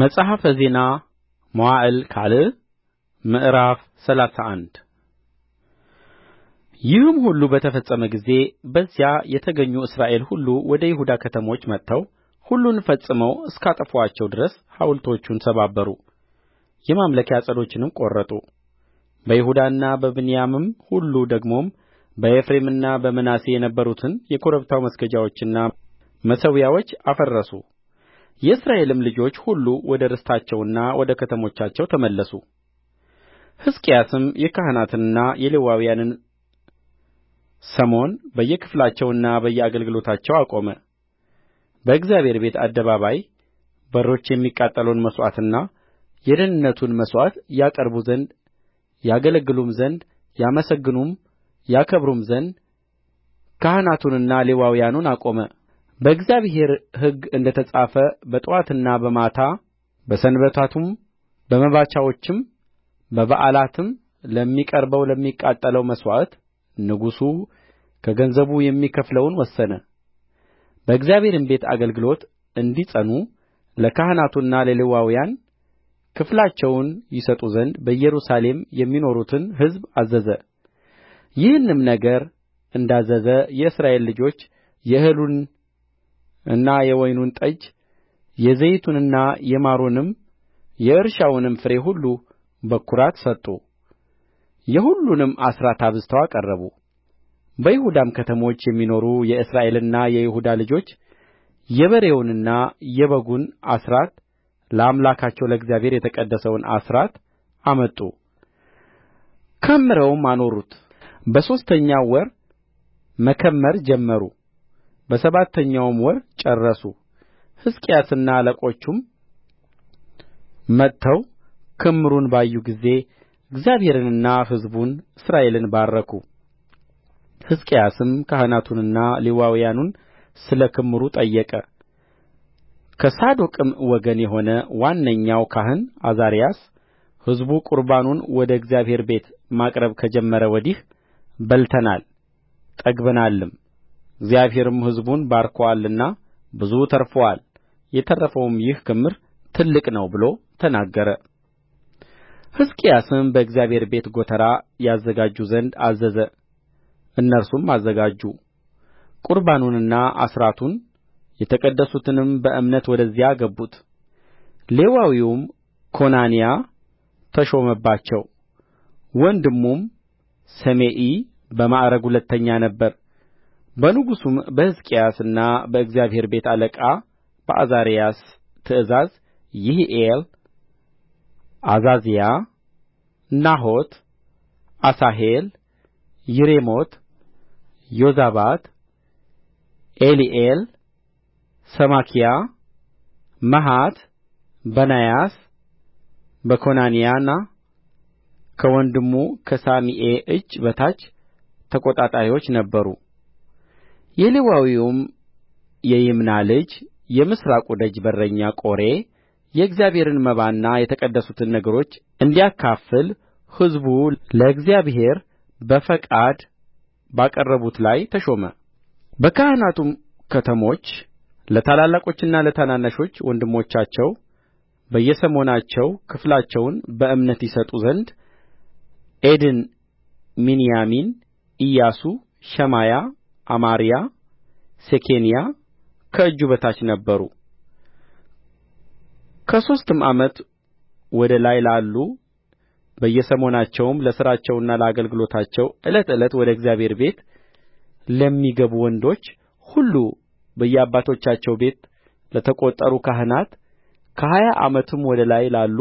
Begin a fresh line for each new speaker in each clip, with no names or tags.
መጽሐፈ ዜና መዋዕል ካልዕ ምዕራፍ ሰላሳ አንድ ይህም ሁሉ በተፈጸመ ጊዜ በዚያ የተገኙ እስራኤል ሁሉ ወደ ይሁዳ ከተሞች መጥተው ሁሉን ፈጽመው እስካጠፉአቸው ድረስ ሐውልቶቹን ሰባበሩ፣ የማምለኪያ ዐፀዶችንም ቈረጡ። በይሁዳና በብንያምም ሁሉ ደግሞም በኤፍሬምና በምናሴ የነበሩትን የኮረብታው መስገጃዎችና መሠዊያዎች አፈረሱ። የእስራኤልም ልጆች ሁሉ ወደ ርስታቸውና ወደ ከተሞቻቸው ተመለሱ ሕዝቅያስም የካህናትንና የሌዋውያንን ሰሞን በየክፍላቸውና በየአገልግሎታቸው አቆመ በእግዚአብሔር ቤት አደባባይ በሮች የሚቃጠለውን መሥዋዕትና የደኅንነቱን መሥዋዕት ያቀርቡ ዘንድ ያገለግሉም ዘንድ ያመሰግኑም ያከብሩም ዘንድ ካህናቱንና ሌዋውያኑን አቆመ በእግዚአብሔር ሕግ እንደ ተጻፈ በጥዋትና በማታ በሰንበታቱም በመባቻዎቹም በበዓላትም ለሚቀርበው ለሚቃጠለው መሥዋዕት ንጉሡ ከገንዘቡ የሚከፍለውን ወሰነ በእግዚአብሔርም ቤት አገልግሎት እንዲጸኑ ለካህናቱና ለሌዋውያን ክፍላቸውን ይሰጡ ዘንድ በኢየሩሳሌም የሚኖሩትን ሕዝብ አዘዘ ይህንም ነገር እንዳዘዘ የእስራኤል ልጆች የእህሉን እና የወይኑን ጠጅ የዘይቱንና የማሩንም የእርሻውንም ፍሬ ሁሉ በኵራት ሰጡ የሁሉንም አሥራት አብዝተው አቀረቡ በይሁዳም ከተሞች የሚኖሩ የእስራኤልና የይሁዳ ልጆች የበሬውንና የበጉን አሥራት ለአምላካቸው ለእግዚአብሔር የተቀደሰውን አሥራት አመጡ ከምረውም አኖሩት በሦስተኛው ወር መከመር ጀመሩ በሰባተኛውም ወር ጨረሱ ሕዝቅያስና አለቆቹም መጥተው ክምሩን ባዩ ጊዜ እግዚአብሔርንና ሕዝቡን እስራኤልን ባረኩ ሕዝቅያስም ካህናቱንና ሌዋውያኑን ስለ ክምሩ ጠየቀ ከሳዶቅም ወገን የሆነ ዋነኛው ካህን አዛርያስ ሕዝቡ ቁርባኑን ወደ እግዚአብሔር ቤት ማቅረብ ከጀመረ ወዲህ በልተናል ጠግበናልም እግዚአብሔርም ሕዝቡን ባርኮአልና ብዙ ተርፎአል የተረፈውም ይህ ክምር ትልቅ ነው ብሎ ተናገረ ሕዝቅያስም በእግዚአብሔር ቤት ጐተራ ያዘጋጁ ዘንድ አዘዘ እነርሱም አዘጋጁ ቍርባኑንና አሥራቱን የተቀደሱትንም በእምነት ወደዚያ አገቡት ሌዋዊውም ኮናንያ ተሾመባቸው ወንድሙም ሰሜኢ በማዕርግ ሁለተኛ ነበረ በንጉሡም በሕዝቅያስና በእግዚአብሔር ቤት አለቃ በዓዛርያስ ትእዛዝ ይሒኤል ዓዛዝያ ናሖት አሣሄል ይሬሞት ዮዛባት ኤሊኤል ሰማኪያ መሐት በናያስ በኮናንያና ከወንድሙ ከሰሜኢ እጅ በታች ተቈጣጣሪዎች ነበሩ የሌዋዊውም የይምና ልጅ የምሥራቁ ደጅ በረኛ ቆሬ የእግዚአብሔርን መባና የተቀደሱትን ነገሮች እንዲያካፍል ሕዝቡ ለእግዚአብሔር በፈቃድ ባቀረቡት ላይ ተሾመ በካህናቱም ከተሞች ለታላላቆችና ለታናናሾች ወንድሞቻቸው በየሰሞናቸው ክፍላቸውን በእምነት ይሰጡ ዘንድ ዔድን ሚንያሚን ኢያሱ ሸማያ አማርያ ሴኬንያ ከእጁ በታች ነበሩ ከሦስትም ዓመት ወደ ላይ ላሉ በየሰሞናቸውም ለሥራቸውና ለአገልግሎታቸው ዕለት ዕለት ወደ እግዚአብሔር ቤት ለሚገቡ ወንዶች ሁሉ በየአባቶቻቸው ቤት ለተቈጠሩ ካህናት ከሀያ ዓመትም ወደ ላይ ላሉ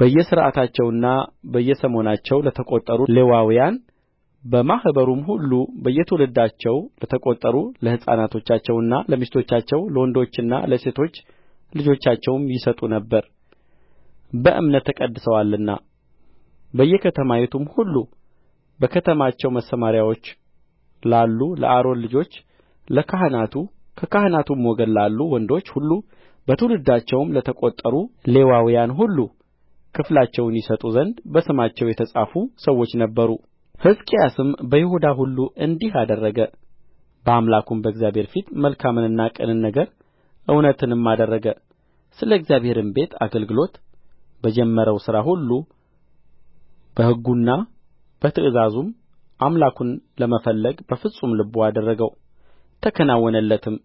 በየሥርዓታቸውና በየሰሞናቸው ለተቈጠሩ ሌዋውያን በማኅበሩም ሁሉ በየትውልዳቸው ለተቈጠሩ ለሕፃናቶቻቸውና ለሚስቶቻቸው ለወንዶችና ለሴቶች ልጆቻቸውም ይሰጡ ነበር በእምነት ተቀድሰዋልና በየከተማይቱም ሁሉ በከተማቸው መሰምርያዎች ላሉ ለአሮን ልጆች ለካህናቱ ከካህናቱም ወገን ላሉ ወንዶች ሁሉ በትውልዳቸውም ለተቈጠሩ ሌዋውያን ሁሉ ክፍላቸውን ይሰጡ ዘንድ በስማቸው የተጻፉ ሰዎች ነበሩ ሕዝቅያስም በይሁዳ ሁሉ እንዲህ አደረገ በአምላኩም በእግዚአብሔር ፊት መልካምንና ቅንን ነገር እውነትንም አደረገ ስለ እግዚአብሔርም ቤት አገልግሎት በጀመረው ሥራ ሁሉ በሕጉና በትእዛዙም አምላኩን ለመፈለግ በፍጹም ልቡ አደረገው ተከናወነለትም